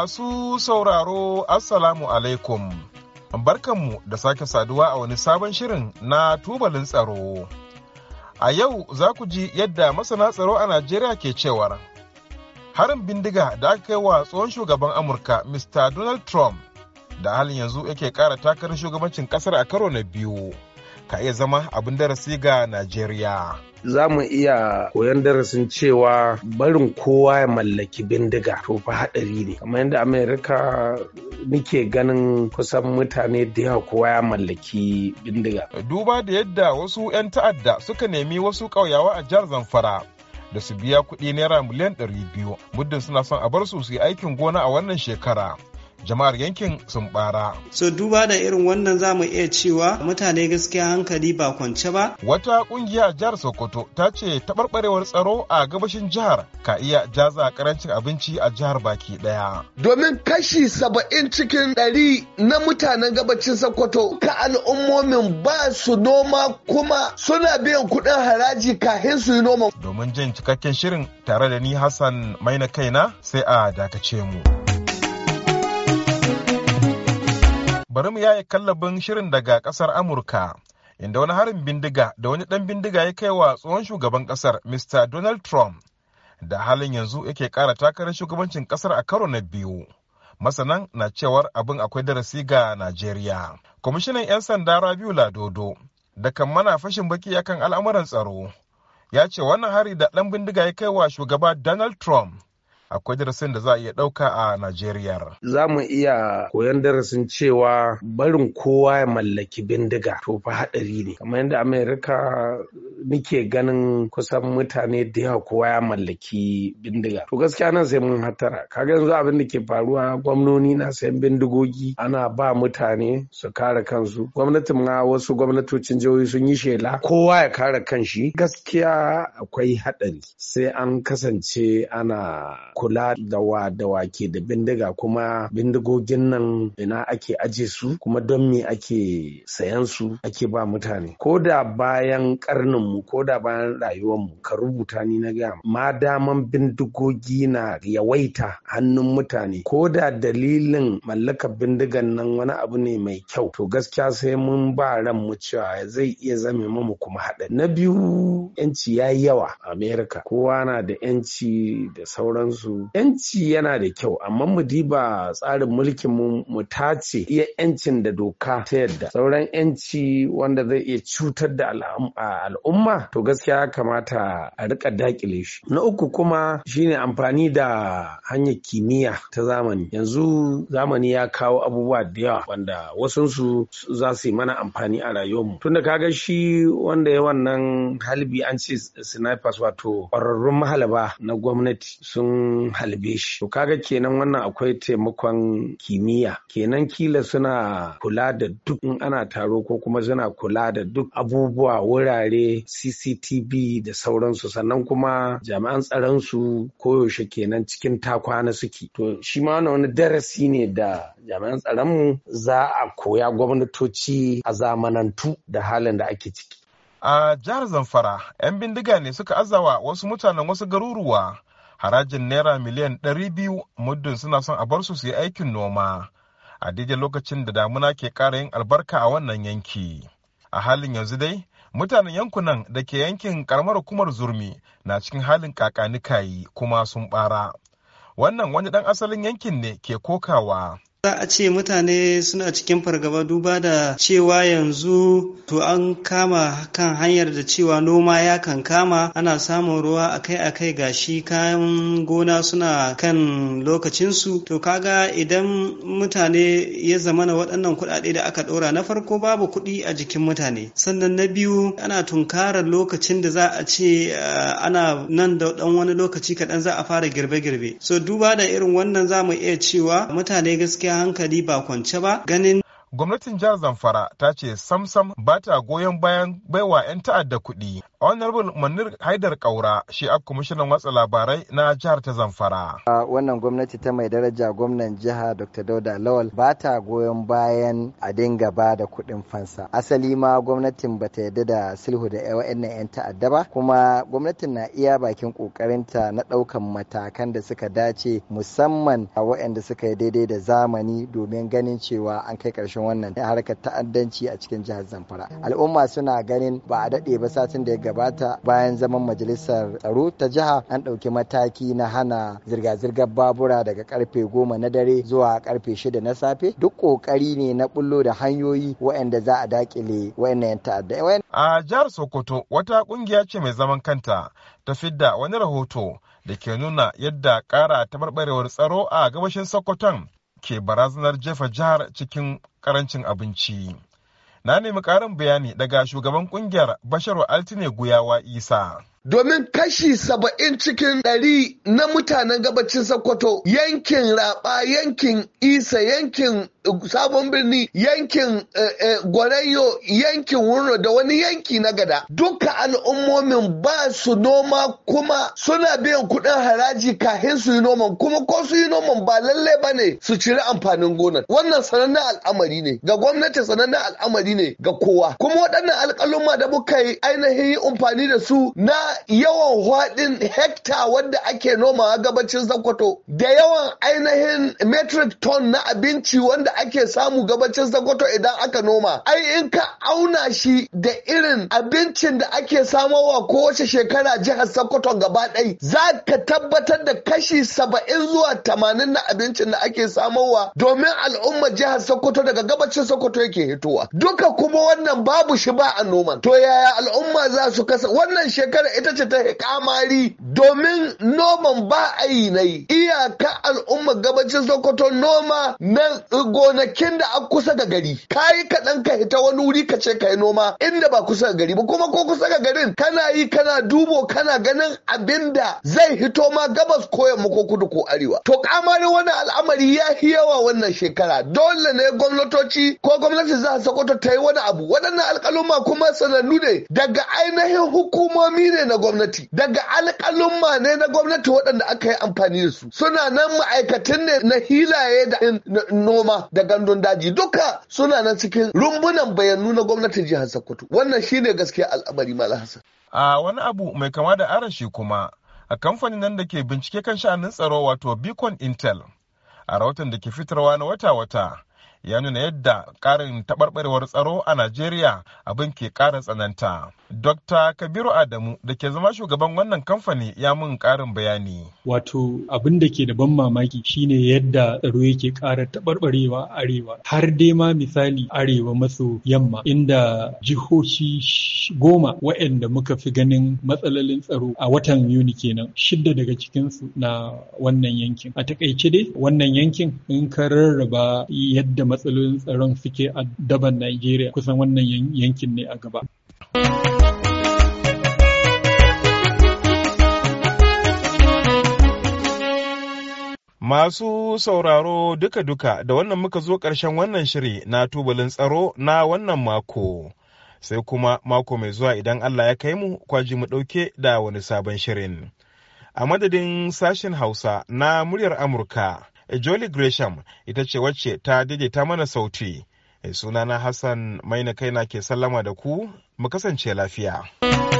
Masu sauraro Assalamu alaikum. Barkanmu da sake saduwa a wani sabon shirin na tubalin tsaro. A yau za ku ji yadda masana tsaro a Najeriya ke cewar. Harin bindiga da aka kai wa tsohon shugaban Amurka Mr. Donald Trump da halin yanzu yake kara takarar shugabancin kasar a karo na biyu. ka iya zama abin darasi ga Najeriya. za mu iya koyon darasin cewa barin kowa ya mallaki bindiga to fa haɗari ne kamar yadda amerika nike ganin kusan mutane da yawa kowa ya mallaki bindiga duba da yadda wasu 'yan ta'adda suka nemi wasu ƙauyawa a jihar zamfara da su biya kuɗi naira miliyan ɗari biyu, muddin suna son a bar su su yi aikin gona a wannan shekara jama'ar yankin sun bara. So duba da irin wannan za mu iya cewa mutane gaskiya hankali ba kwance ba. Wata kungiya jihar Sokoto ta ce taɓarɓarewar tsaro a gabashin jihar ka iya jaza karancin abinci a jihar baki ɗaya. Domin kashi saba'in cikin ɗari na mutanen gabacin Sokoto ka al'ummomin ba su noma kuma suna biyan kuɗin haraji kafin su yi noma. Domin jin cikakken shirin tare da ni Hassan Maina kaina sai a dakace mu. bari mu yaye kallabin shirin daga kasar amurka inda wani harin bindiga da wani dan bindiga ya kai wa tsohon shugaban kasar mr donald trump da halin yanzu yake kara takarar shugabancin kasar a karo na biyu masanan na cewar abin akwai darasi ga najeriya kwamishinan 'yan sanda rabiu ladodo da kan mana fashin baki akan al'amuran tsaro ya ce wannan hari da dan bindiga ya kai wa shugaba donald trump akwai darasin da za a iya ɗauka a Najeriya. Za mu iya koyon darasin cewa barin kowa ya mallaki bindiga to fa haɗari ne. Kamar yadda Amerika muke ganin kusan mutane da yawa kowa ya mallaki bindiga. To gaskiya nan sai mun hatara. Kaga yanzu abin da ke faruwa gwamnoni na sayan bindigogi ana ba mutane su kare kansu. Gwamnatin ma wasu gwamnatocin jihohi sun yi shela kowa ya kare kanshi. Gaskiya akwai haɗari sai an kasance ana kula da wa da wake da bindiga kuma bindigogin nan ina ake aje su kuma don me ake sayan su ake ba mutane ko da bayan karnin mu ko da bayan rayuwar mu ka rubuta ni na gaya ma daman bindigogi na yawaita hannun mutane ko da dalilin mallakar bindigan nan wani abu ne mai kyau to gaskiya sai mun ba ran mu cewa zai iya zame mu kuma haɗa na biyu yanci ya yawa Amerika, kowa na da yanci da sauransu su yanci yana da kyau amma mu diba tsarin mulkin mu mu tace iya yancin da doka ta yadda sauran yanci wanda zai iya cutar da al'umma to gaskiya ya kamata a rika dakile shi na uku kuma shine amfani da hanyar kimiyya ta zamani yanzu zamani ya kawo abubuwa da yawa wanda wasunsu za su yi mana amfani a rayuwarmu tunda kaga shi wanda ya wannan halbi an ce snipers wato ƙwararrun mahalaba na gwamnati sun in halbe shi to kaga kenan wannan akwai taimakon kimiyya kenan kila suna kula da duk in ana taro ko kuma suna kula da duk abubuwa wurare cctv da sauransu sannan kuma jami'an tsaron su koyaushe kenan cikin takwana suke to shi ma wani darasi ne da jami'an tsaronmu za a koya gwamnatoci a zamanantu da halin da ake ciki a jihar zamfara 'yan bindiga ne suka azawa wasu mutanen wasu garuruwa harajin naira miliyan ɗari biyu muddin suna son a bar su su yi aikin noma a daidai lokacin da damuna ke ƙara yin albarka a wannan yanki a halin yanzu dai mutanen yankunan da ke yankin karamar hukumar zurmi na cikin halin kakanikayi kuma sun bara wannan wani dan asalin yankin ne ke kokawa za a ce mutane suna cikin fargaba duba da cewa yanzu to an kama kan hanyar da cewa noma ya kan kama ana samun ruwa akai-akai gashi kayan gona suna kan lokacinsu to kaga idan mutane ya zamana waɗannan kuɗaɗe da aka ɗora na farko babu kuɗi a jikin mutane sannan na biyu ana tunkarar lokacin da za a ce eh, ana nan da ɗan wani lokaci kaɗan za a fara girbe-girbe so duba da irin wannan za mu iya cewa mutane gaskiya hankali ba kwance ba ganin gwamnatin jihar zamfara ta ce samsam ba ta goyon bayan baiwa 'yan ta'adda kuɗi honorable manir haidar kaura shi a kwamishinan watsa labarai na jihar ta zamfara wannan gwamnati ta mai daraja gwamnan jiha dr dauda lawal ba ta goyon bayan a dinga ba da kuɗin fansa asali ma gwamnatin ba ta yarda da sulhu da wa'annan 'yan ta'adda ba kuma gwamnatin na iya bakin ƙoƙarinta na ɗaukan matakan da suka dace musamman a wa'anda suka yi daidai da zamani domin ganin cewa an kai ƙarshen ƙarshen wannan harkar ta'addanci a cikin jihar Zamfara. Al'umma suna ganin ba a daɗe ba satin da ya gabata bayan zaman majalisar tsaro ta jiha an ɗauki mataki na hana zirga-zirgar babura daga karfe goma na dare zuwa karfe shida na safe duk ƙoƙari ne na bullo da hanyoyi waɗanda za a dakile waɗannan ta'adda. A jihar Sokoto wata ƙungiya ce mai zaman kanta ta fidda wani rahoto da ke nuna yadda ƙara taɓarɓarewar tsaro a gabashin Sokoton ke barazanar jefa jihar cikin karancin abinci. Na nemi ƙarin bayani daga shugaban ƙungiyar Basharu Altine Guyawa Isa. domin kashi saba'in cikin ɗari na mutanen gabacin Sokoto yankin raɓa yankin Isa yankin uh, sabon birni yankin uh, uh, Gwarayyo yankin Wurno da wani yanki na gada duka al'ummomin ba su noma kuma suna biyan kuɗin haraji kahin su yi noman kuma ko su yi noman ba lallai ba ne su ciri amfanin gonar wannan sanannen al'amari ne ga gwamnati sanannen al'amari ne ga kowa kuma waɗannan alƙaluma da muka yi amfani da su na yawan hwaɗin hekta wadda ake nomawa gabacin Sokoto da yawan ainihin metric ton na abinci wanda ake samu gabacin Sokoto idan aka noma. Ai in ka auna shi da irin abincin da ake samowa kowace shekara jihar Sokoto gaba ɗai za ka tabbatar da kashi saba'in zuwa tamanin na abincin da ake samowa domin al'ummar jihar Sokoto daga gabacin Sokoto yake hitowa. Duka kuma wannan babu shi ba a noman. To yaya al'umma za su kasa wannan shekara ita ce ta kamari domin noman ba a yi na yi iyaka al'ummar gabacin sokoto noma na gonakin da a kusa ga gari ka yi kaɗan ka hita wani wuri ka ce ka yi noma inda ba kusa ga gari ba kuma ko kusa ga garin kana yi kana dubo kana ganin abinda zai hito ma gabas ko yamma ko kudu ko arewa to kamari wannan al'amari ya fi yawa wannan shekara dole ne gwamnatoci ko gwamnati za sokoto ta yi wani abu waɗannan alƙaluma kuma sanannu ne daga ainihin hukumomi ne na gwamnati daga alƙalumma ne na gwamnati waɗanda aka yi amfani da su suna nan ma'aikatan ne na hilaye da noma da gandun daji duka suna nan cikin rumbunan bayannu na gwamnatin jihar Sokoto wannan shine gaskiya al'amari Malam Hassan a wani abu mai kama da arashi kuma a kamfanin nan da ke bincike kan sha'anin tsaro wato Beacon Intel a rahoton da ke fitarwa na wata-wata ya nuna yadda ƙarin taɓarɓarewar tsaro a Najeriya abin ke ƙara tsananta. Dr. Kabiru Adamu da ke zama shugaban wannan kamfani ya mun ƙarin bayani. Wato abin da ke da ban mamaki shine yadda tsaro yake ƙara taɓarɓarewa arewa har dai ma misali arewa maso yamma inda jihohi goma waɗanda muka fi ganin matsalolin tsaro a watan Yuni kenan shidda daga cikinsu na wannan yankin. A takaice dai wannan yankin in ka rarraba yadda matsalolin tsaron suke a daban Najeriya kusan wannan yankin ne a gaba. Masu sauraro duka-duka da wannan muka zo ƙarshen wannan shiri na tubalin tsaro na wannan mako. Sai kuma mako mai zuwa idan Allah ya kai mu kwaji mu ɗauke da wani sabon shirin. A madadin sashen Hausa na muryar Amurka. Eh, Jolly Gresham ita ce wacce ta daidaita mana sauti. Eh, sunana Hassan Maina Kaina ke sallama da ku, mu kasance lafiya.